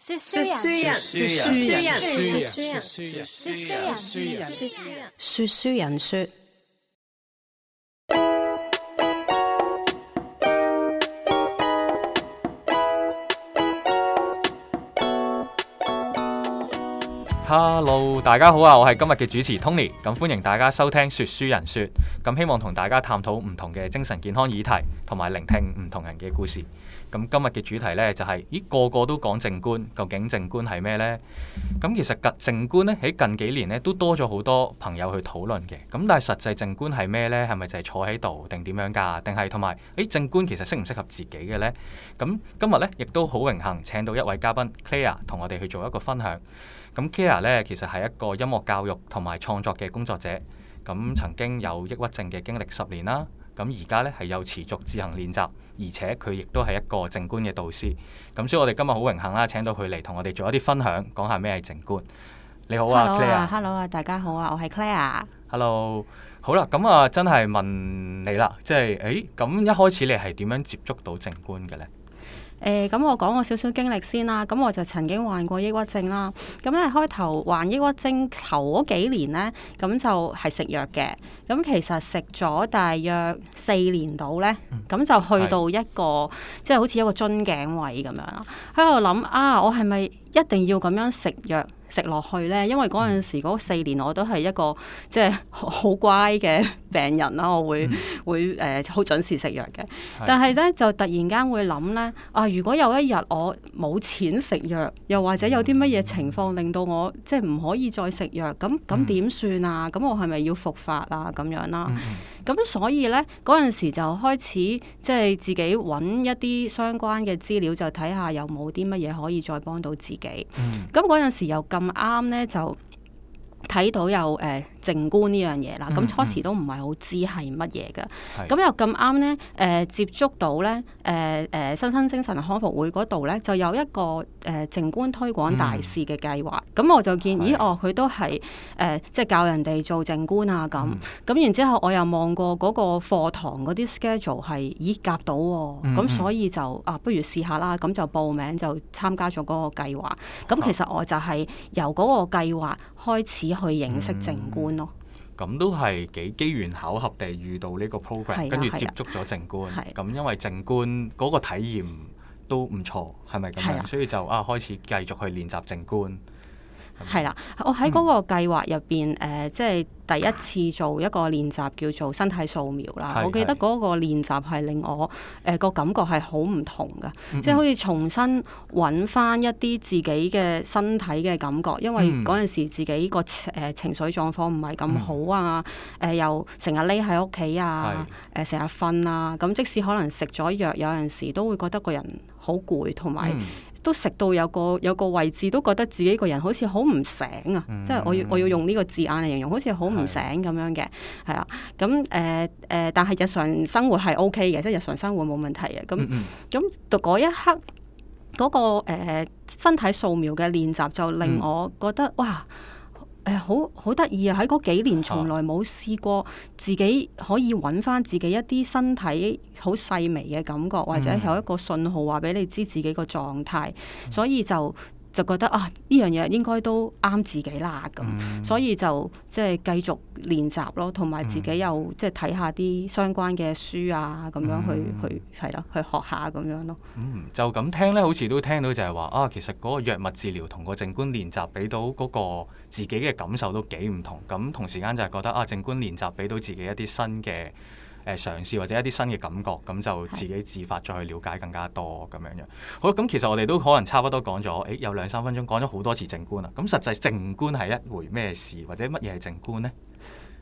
說書人，說書人，說書人，說書人，說書人，說書人。說書人說書人說書人說書人說書人說 Hello, 大家好啊！我係今日嘅主持 Tony，咁歡迎大家收聽說書人說，咁希望同大家探討唔同嘅精神健康議題，同埋聆聽唔同人嘅故事。咁今日嘅主題呢，就係，咦個個都講靜觀，究竟靜觀係咩呢？咁其實靜觀呢喺近幾年呢，都多咗好多朋友去討論嘅。咁但係實際靜觀係咩呢？係咪就係坐喺度定點樣㗎？定係同埋，誒靜觀其實適唔適合自己嘅呢？咁今日呢，亦都好榮幸請到一位嘉賓 Clare 同我哋去做一個分享。咁 Clare 呢其實係一個音樂教育同埋創作嘅工作者，咁曾經有抑鬱症嘅經歷十年啦。咁而家咧係有持續自行練習，而且佢亦都係一個靜觀嘅導師。咁所以我哋今日好榮幸啦，請到佢嚟同我哋做一啲分享，講下咩係靜觀。你好啊 Hello，Clare。Hello 啊，大家好啊，我係 Clare。Hello 好。好啦，咁啊，真係問你啦，即係，誒，咁一開始你係點樣接觸到靜觀嘅咧？誒咁我講我少少經歷先啦，咁我就曾經患過抑鬱症啦。咁因為開頭患抑鬱症頭嗰幾年呢，咁就係食藥嘅。咁其實食咗大約四年度呢，咁、嗯、就去到一個是即係好似一個樽頸位咁樣啦。喺度諗啊，我係咪？一定要咁樣食藥食落去咧，因為嗰陣時嗰四年我都係一個即係好乖嘅病人啦，我會、嗯、會誒好、呃、準時食藥嘅。但係咧就突然間會諗咧啊，如果有一日我冇錢食藥，又或者有啲乜嘢情況令到我即係唔可以再食藥，咁咁點算啊？咁我係咪要復發啊？咁樣啦。嗯咁所以呢嗰陣時就開始，即係自己揾一啲相關嘅資料，就睇下有冇啲乜嘢可以再幫到自己。咁嗰陣時又咁啱呢，就睇到有誒，呃靜觀呢樣嘢啦，咁初時都唔係好知係乜嘢噶，咁、嗯嗯、又咁啱呢，誒、呃，接觸到呢，誒、呃，誒、呃，新生精神康復會嗰度呢，就有一個誒靜、呃、觀推廣大使嘅計劃，咁、嗯嗯、我就見咦哦，佢都係誒、呃，即係教人哋做靜觀啊，咁，咁、嗯、然之後我又望過嗰個課堂嗰啲 schedule 係、哦，咦、嗯，夾、嗯、到，咁所以就啊，不如試下啦，咁就報名就參加咗嗰個計劃，咁其實我就係由嗰個計劃開始去認識靜觀。嗯咁都係幾機緣巧合地遇到呢個 program，跟住、啊、接，接觸咗靜觀。咁、啊啊、因為靜觀嗰個體驗都唔錯，係咪咁樣？啊、所以就啊開始繼續去練習靜觀。係啦，我喺嗰個計劃入邊，誒、呃、即係第一次做一個練習叫做身體掃描啦。是是我記得嗰個練習係令我誒個感覺係好唔同嘅，是是即係可以重新揾翻一啲自己嘅身體嘅感覺。因為嗰陣時自己個誒、呃、情緒狀況唔係咁好啊，誒、呃、又成日匿喺屋企啊，誒成日瞓啊。咁即使可能食咗藥，有陣時都會覺得個人好攰，同埋都食到有個有個位置，都覺得自己個人好似好唔醒啊！嗯、即係我要、嗯、我要用呢個字眼嚟形容，好似好唔醒咁樣嘅，係啊。咁誒誒，但係日常生活係 O K 嘅，即係日常生活冇問題嘅。咁咁到嗰一刻，嗰、嗰個誒、呃、身體素描嘅練習就令我覺得、嗯、哇！誒、哎、好好得意啊！喺嗰幾年，從來冇試過自己可以揾返自己一啲身體好細微嘅感覺，或者有一個信號話俾你知自己個狀態，所以就～就覺得啊，呢樣嘢應該都啱自己啦，咁、嗯、所以就即係、就是、繼續練習咯，同埋自己又、嗯、即係睇下啲相關嘅書啊，咁樣去、嗯、去係咯，去學下咁樣咯。嗯，就咁聽咧，好似都聽到就係話啊，其實嗰個藥物治療同個靜觀練習俾到嗰個自己嘅感受都幾唔同，咁同時間就係覺得啊，靜觀練習俾到自己一啲新嘅，誒嘗試或者一啲新嘅感覺，咁就自己自發再去了解更加多咁樣樣。好，咁其實我哋都可能差唔多講咗，誒有兩三分鐘講咗好多次靜觀啦。咁實際靜觀係一回咩事，或者乜嘢係靜觀呢？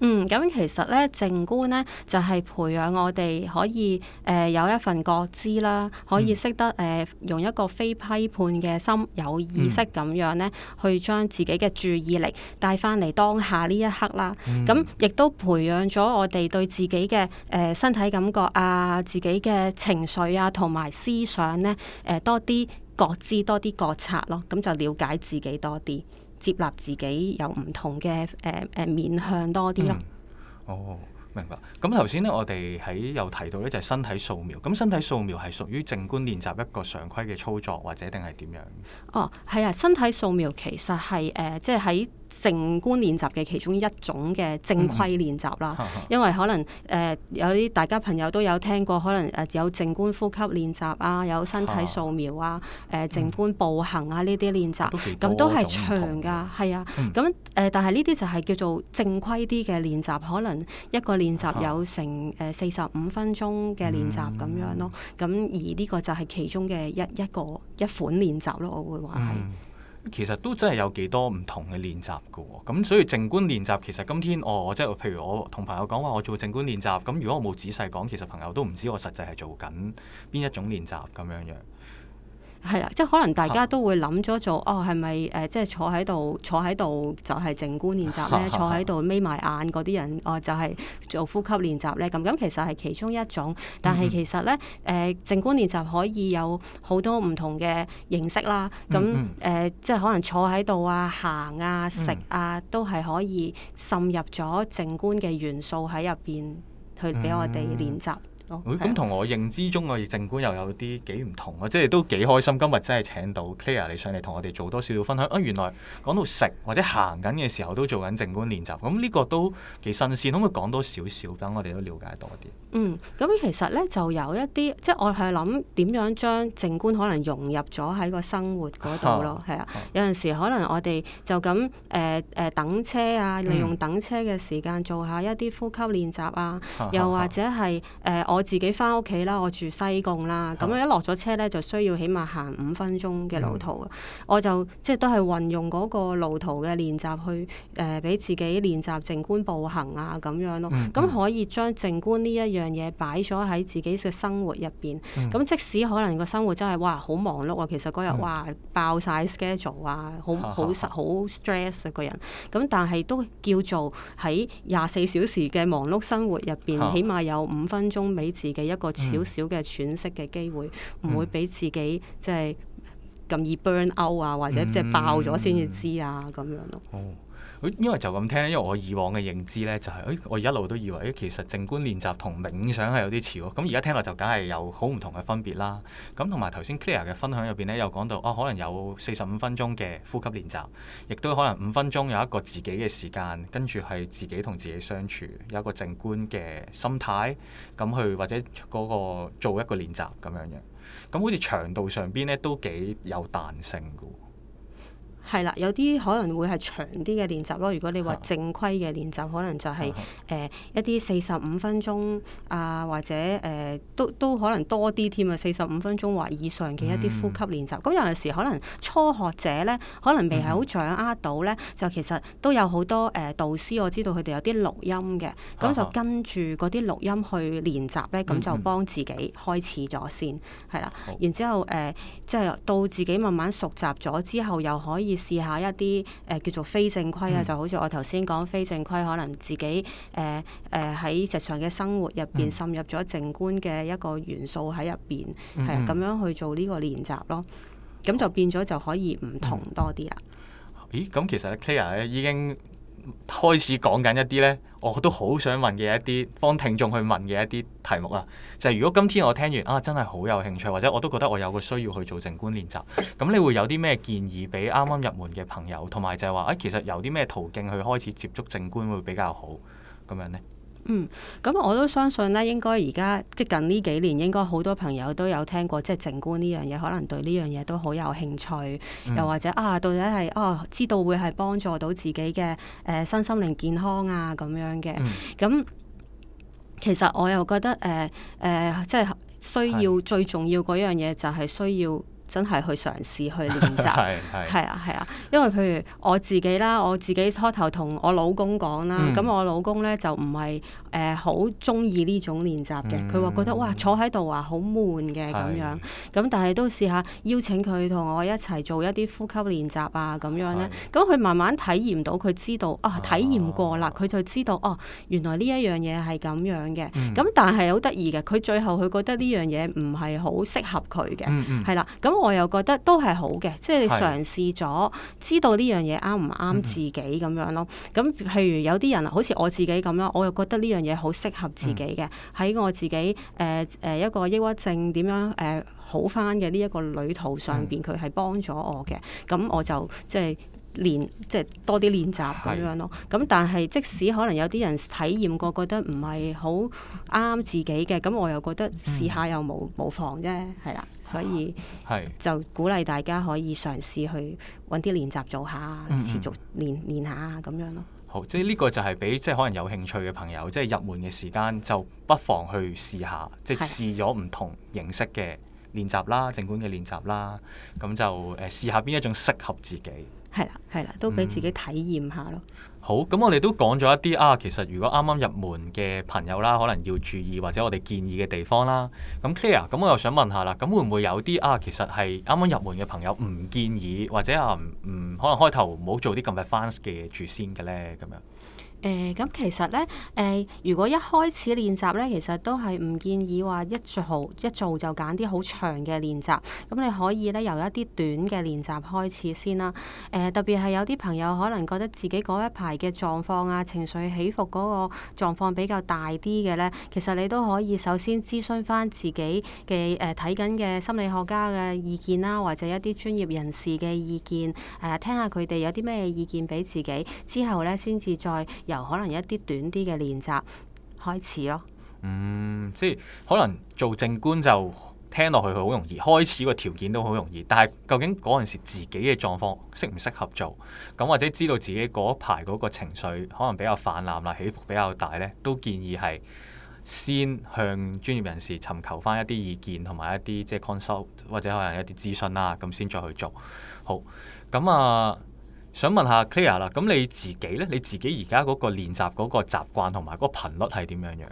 嗯，咁其實咧靜觀咧就係培養我哋可以誒有一份覺知啦，嗯、可以識得誒、呃、用一個非批判嘅心有意識咁樣咧，嗯、去將自己嘅注意力帶翻嚟當下呢一刻啦。咁亦都培養咗我哋對自己嘅誒身體感覺啊、呃，自己嘅情緒啊，同埋思想咧誒、呃、多啲覺知，多啲覺察咯，咁就了解自己多啲。接納自己有唔同嘅誒誒面向多啲咯、嗯。哦，明白。咁頭先咧，我哋喺又提到咧，就係、是、身體掃描。咁、嗯、身體掃描係屬於靜觀練習一個常規嘅操作，或者定係點樣？哦，係啊，身體掃描其實係誒、呃，即係喺。靜觀練習嘅其中一種嘅正規練習啦，嗯、因為可能誒、呃、有啲大家朋友都有聽過，可能誒有靜觀呼吸練習啊，有身體掃描啊，誒、嗯呃、靜觀步行啊呢啲練習，咁、嗯、都係長㗎，係啊，咁誒、嗯、但係呢啲就係叫做正規啲嘅練習，可能一個練習有成誒四十五分鐘嘅練習咁樣咯，咁、嗯嗯、而呢個就係其中嘅一一個一款練習咯，我會話係。嗯其實都真係有幾多唔同嘅練習㗎喎，咁所以靜觀練習其實今天、哦、即我即係譬如我同朋友講話我做靜觀練習，咁如果我冇仔細講，其實朋友都唔知我實際係做緊邊一種練習咁樣樣。係啦，即係可能大家都會諗咗做哦，係咪誒？即係坐喺度，坐喺度就係靜觀練習咧； 坐喺度眯埋眼嗰啲人，哦，就係、是、做呼吸練習咧。咁咁其實係其中一種，但係其實咧誒、呃，靜觀練習可以有好多唔同嘅形式啦。咁誒、呃，即係可能坐喺度啊、行啊、食啊，都係可以滲入咗靜觀嘅元素喺入邊，去俾我哋練習。咁同、oh, 我認知中嘅靜觀又有啲幾唔同啊！即、就、係、是、都幾開心，今日真係請到 Clare 你上嚟同我哋做多少少分享啊、呃！原來講到食或者行緊嘅時候都做緊靜觀練習，咁呢個都幾新鮮，可唔可以講多少少，等我哋都了解多啲、um, 嗯？嗯，咁其實咧就有一啲，即係我係諗點樣將靜觀可能融入咗喺個生活嗰度咯，係哈啊！嗯、有陣時可能我哋就咁誒誒等車啊，利用等車嘅時間做一下一啲呼吸練習啊，嗯嗯嗯嗯、又或者係誒、呃呃我自己翻屋企啦，我住西貢啦，咁一落咗車咧就需要起碼行五分鐘嘅路途、嗯、我就即係都係運用嗰個路途嘅練習去誒俾、呃、自己練習靜觀步行啊咁樣咯。咁、嗯、可以將靜觀呢一樣嘢擺咗喺自己嘅生活入邊，咁、嗯、即使可能個生活真係哇好忙碌啊，其實嗰日、嗯、哇爆晒 schedule 好 stress, 好 stress 啊，好好實好 stress 嘅個人。咁但係都叫做喺廿四小時嘅忙碌生活入邊、嗯、起碼有五分鐘。俾自己一個少少嘅喘息嘅機會，唔、嗯、會俾自己即係咁易 burn out 啊，或者即係爆咗先至知啊，咁、嗯、樣咯。Oh. 因為就咁聽，因為我以往嘅認知呢，就係、是、誒、哎，我一路都以為其實靜觀練習同冥想係有啲似喎。咁而家聽落就梗係有好唔同嘅分別啦。咁同埋頭先 Clare 嘅分享入邊呢，又講到啊，可能有四十五分鐘嘅呼吸練習，亦都可能五分鐘有一個自己嘅時間，跟住係自己同自己相處，有一個靜觀嘅心態，咁去或者嗰個做一個練習咁樣嘅。咁好似長度上邊呢，都幾有彈性嘅。係啦，有啲可能會係長啲嘅練習咯。如果你話正規嘅練習，胡言可能就係、是、誒一啲四十五分鐘啊，或者誒都都可能多啲添啊。四十五分鐘或以上嘅一啲呼吸練習。咁、mm. 有陣時可能初學者咧，可能未係好掌握到咧，嗯、就其實都有好多誒、呃、導師我知道佢哋有啲錄音嘅，咁就跟住嗰啲錄音去練習咧，咁就幫自己開始咗先，係啦。然之後誒，即係到自己慢慢熟習咗之後，又可以。試一啲誒、呃、叫做非正規啊，嗯、就好似我頭先講非正規，可能自己誒誒喺日常嘅生活入邊、嗯、滲入咗靜觀嘅一個元素喺入邊，係啊、嗯，咁樣去做呢個練習咯，咁就變咗就可以唔同多啲啦、嗯。咦？咁其實 Clare 咧已經開始講緊一啲咧。我都好想問嘅一啲幫聽眾去問嘅一啲題目啊，就係如果今天我聽完啊，真係好有興趣，或者我都覺得我有個需要去做靜觀練習，咁你會有啲咩建議俾啱啱入門嘅朋友，同埋就係話啊，其實有啲咩途徑去開始接觸靜觀會比較好咁樣呢？嗯，咁我都相信咧，應該而家即近呢幾年，應該好多朋友都有聽過，即係靜觀呢樣嘢，可能對呢樣嘢都好有興趣，嗯、又或者啊，到底係哦，知道會係幫助到自己嘅誒、呃、身心靈健康啊咁樣嘅。咁、嗯嗯、其實我又覺得誒誒、呃呃，即係需要最重要嗰樣嘢就係需要。啊、真係去嘗試去練習，係啊係啊，因為譬如我自己啦,我自己初頭同我老公講啦，咁、嗯、我老公咧就唔係誒好中意呢種練習嘅，佢話、嗯、覺得哇坐喺度啊好悶嘅咁樣，咁但係都試下邀請佢同我一齊做一啲呼吸練習啊咁樣咧，咁佢、嗯、慢慢體驗到佢知道啊體驗過啦，佢就知道哦、啊、原來呢一樣嘢係咁樣嘅，咁、嗯嗯、但係好得意嘅，佢最後佢覺得呢樣嘢唔係好適合佢嘅，係、嗯、啦、嗯，咁、啊嗯。啊我又覺得都係好嘅，即係你嘗試咗，知道呢樣嘢啱唔啱自己咁、嗯嗯、樣咯。咁譬如有啲人，好似我自己咁啦，我又覺得呢樣嘢好適合自己嘅。喺、嗯、我自己誒誒、呃呃、一個抑鬱症點樣誒好返嘅呢一個旅途上邊，佢係幫咗我嘅。咁、嗯、我就即係。練即係多啲練習咁樣咯。咁但係即使可能有啲人體驗過，覺得唔係好啱自己嘅，咁我又覺得試下又冇冇、嗯、妨啫，係啦。所以就鼓勵大家可以嘗試去揾啲練習做下，持續練嗯嗯練下咁樣咯。好，即係呢個就係俾即係可能有興趣嘅朋友，即係入門嘅時間，就不妨去試下，即係試咗唔同形式嘅練習啦，靜觀嘅練習啦，咁就誒、呃、試下邊一種適合自己。係啦，係啦，都俾自己體驗下咯、嗯。好，咁我哋都講咗一啲啊，其實如果啱啱入門嘅朋友啦，可能要注意或者我哋建議嘅地方啦。咁 Clare 咁我又想問下啦，咁、啊、會唔會有啲啊，其實係啱啱入門嘅朋友唔建議或者啊唔、嗯、可能開頭唔好做啲咁嘅 advanced 嘅嘢住先嘅咧？咁樣。誒咁、欸、其實咧，誒、欸、如果一開始練習咧，其實都係唔建議話一做一做就揀啲好長嘅練習。咁你可以咧由一啲短嘅練習開始先啦。誒、欸、特別係有啲朋友可能覺得自己嗰一排嘅狀況啊、情緒起伏嗰個狀況比較大啲嘅咧，其實你都可以首先諮詢返自己嘅誒睇緊嘅心理學家嘅意見啦，或者一啲專業人士嘅意見，誒、啊、聽下佢哋有啲咩意見俾自己，之後咧先至再。由可能一啲短啲嘅練習開始咯、哦。嗯，即係可能做靜觀就聽落去佢好容易，開始個條件都好容易。但係究竟嗰陣時自己嘅狀況適唔適合做？咁、嗯、或者知道自己嗰排嗰個情緒可能比較泛濫啦，起伏比較大呢，都建議係先向專業人士尋求翻一啲意見同埋一啲即係 consult 或者可能一啲諮詢啦，咁、啊嗯、先再去做。好，咁、嗯、啊。想問下 Clare 啦，咁你自己呢？你自己而家嗰個練習嗰個習慣同埋嗰個頻率係點樣樣？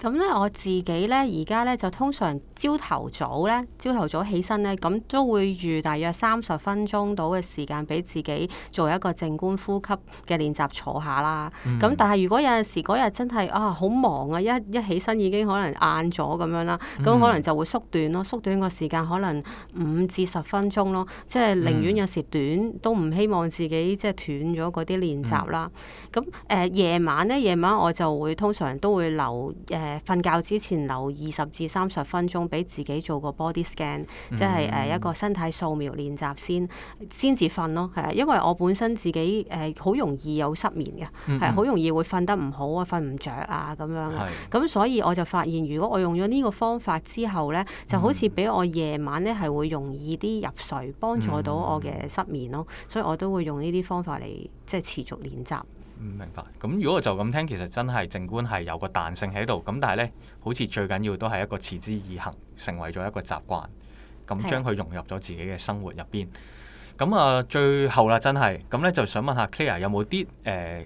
咁咧我自己咧而家咧就通常朝頭早咧，朝頭早起身咧，咁都會預大約三十分鐘到嘅時間俾自己做一個靜觀呼吸嘅練習坐下啦。咁、嗯、但係，如果有陣時嗰日真係啊好忙啊，一一起身已經可能晏咗咁樣啦，咁可能就會縮短咯，縮短個時間可能五至十分鐘咯，即係寧願有時短，嗯、都唔希望自己即係斷咗嗰啲練習啦。咁誒夜晚咧，夜晚我就會通常都會留、呃誒瞓、呃、覺之前留二十至三十分鐘，俾自己做個 body scan，嗯嗯、即係誒、呃、一個身體掃描練習先，先至瞓咯。係啊，因為我本身自己誒好、呃、容易有失眠嘅，係好、嗯嗯、容易會瞓得唔好啊，瞓唔着啊咁樣。係是，咁所以我就發現，如果我用咗呢個方法之後咧，就好似俾我夜晚咧係會容易啲入睡，幫助到我嘅失眠咯。嗯嗯嗯，所以我都會用呢啲方法嚟，即係持續練習。唔明白。咁如果我就咁聽，其實真係靜觀係有個彈性喺度。咁但係呢，好似最緊要都係一個持之以恆，成為咗一個習慣，咁將佢融入咗自己嘅生活入邊。咁啊是，最後啦，真係，咁呢，就想問下 Clare 有冇啲誒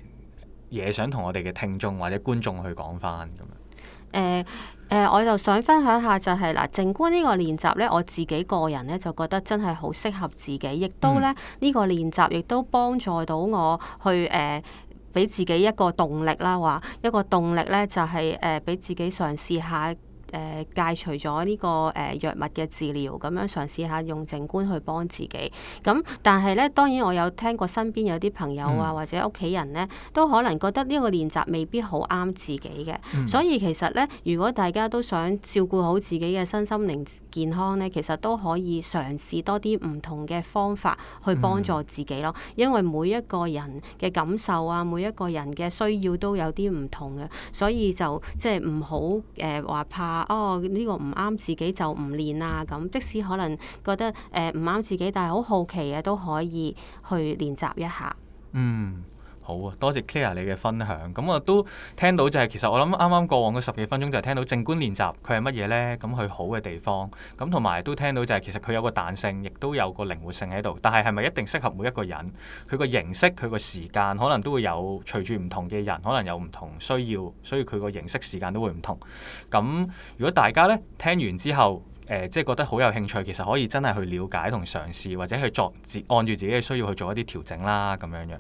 嘢想同我哋嘅聽眾或者觀眾去講翻咁樣？誒、呃呃、我就想分享下就係、是、嗱，靜、呃、觀呢個練習呢，我自己個人呢，就覺得真係好適合自己，亦都呢，呢、嗯、個練習亦都幫助到我去誒。呃俾自己一個動力啦，話一個動力咧，就係誒俾自己嘗試下。誒戒除咗呢個誒藥物嘅治療，咁樣嘗試下用靜觀去幫自己。咁但係咧，當然我有聽過身邊有啲朋友啊，或者屋企人咧，都可能覺得呢個練習未必好啱自己嘅。所以其實咧，如果大家都想照顧好自己嘅身心靈健康咧，其實都可以嘗試多啲唔同嘅方法去幫助自己咯。因為每一個人嘅感受啊，每一個人嘅需要都有啲唔同嘅，所以就即係唔好誒話怕。哦，呢個唔啱自己就唔練啦、啊。咁即使可能覺得誒唔啱自己，但係好好奇嘅都可以去練習一下。嗯。好啊，多謝 Clare 你嘅分享。咁、嗯、啊、就是嗯嗯，都聽到就係、是、其實我諗啱啱過往嘅十幾分鐘就係聽到靜觀練習佢係乜嘢呢？咁佢好嘅地方。咁同埋都聽到就係其實佢有個彈性，亦都有個靈活性喺度。但係係咪一定適合每一個人？佢個形式、佢個時間，可能都會有隨住唔同嘅人，可能有唔同需要，所以佢個形式、時間都會唔同。咁、嗯、如果大家呢聽完之後，誒、呃、即係覺得好有興趣，其實可以真係去了解同嘗試，或者去作按住自己嘅需要去做一啲調整啦，咁樣樣。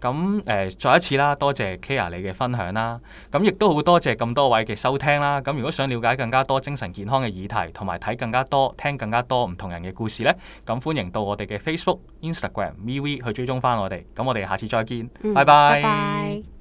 咁誒，再一次啦，多謝 Clare 你嘅分享啦。咁亦都好多謝咁多位嘅收聽啦。咁如果想了解更加多精神健康嘅議題，同埋睇更加多、聽更加多唔同人嘅故事呢，咁歡迎到我哋嘅 Facebook、Instagram、MiV 去追蹤翻我哋。咁我哋下次再見，拜拜。